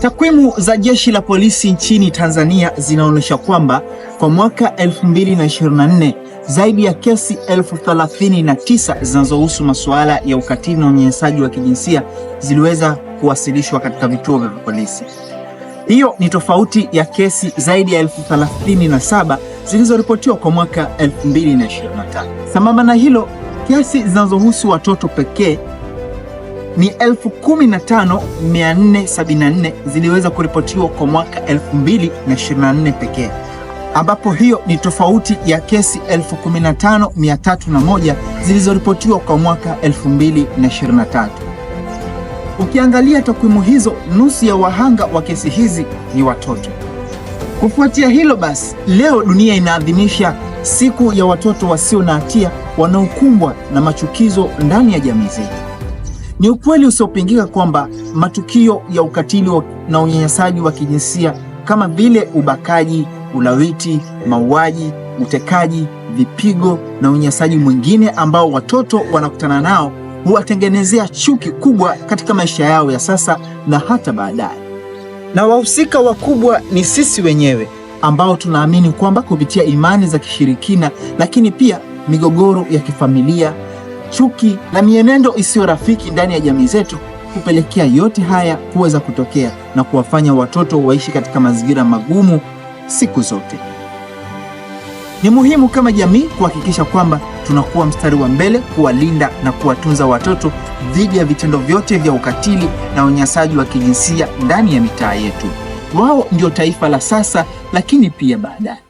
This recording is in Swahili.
Takwimu za jeshi la polisi nchini Tanzania zinaonyesha kwamba kwa mwaka 2024 zaidi ya kesi 1039 zinazohusu masuala ya ukatili na unyanyasaji wa kijinsia ziliweza kuwasilishwa katika vituo vya polisi. Hiyo ni tofauti ya kesi zaidi ya 1037 zilizoripotiwa kwa mwaka 2023. Sambamba na hilo, kesi zinazohusu watoto pekee ni 15474 ziliweza kuripotiwa kwa mwaka 2024 pekee, ambapo hiyo ni tofauti ya kesi 15301 zilizoripotiwa kwa mwaka 2023. Ukiangalia takwimu hizo, nusu ya wahanga wa kesi hizi ni watoto. Kufuatia hilo basi, leo dunia inaadhimisha siku ya watoto wasio na hatia wanaokumbwa na machukizo ndani ya jamii zetu. Ni ukweli usiopingika kwamba matukio ya ukatili na unyanyasaji wa kijinsia kama vile ubakaji, ulawiti, mauaji, utekaji, vipigo na unyanyasaji mwingine ambao watoto wanakutana nao huwatengenezea chuki kubwa katika maisha yao ya sasa na hata baadaye. Na wahusika wakubwa ni sisi wenyewe ambao tunaamini kwamba kupitia imani za kishirikina, lakini pia migogoro ya kifamilia chuki na mienendo isiyo rafiki ndani ya jamii zetu kupelekea yote haya kuweza kutokea na kuwafanya watoto waishi katika mazingira magumu siku zote. Ni muhimu kama jamii kuhakikisha kwamba tunakuwa mstari wa mbele kuwalinda na kuwatunza watoto dhidi ya vitendo vyote vya ukatili na unyanyasaji wa kijinsia ndani ya mitaa yetu. Wao ndio taifa la sasa, lakini pia baadaye.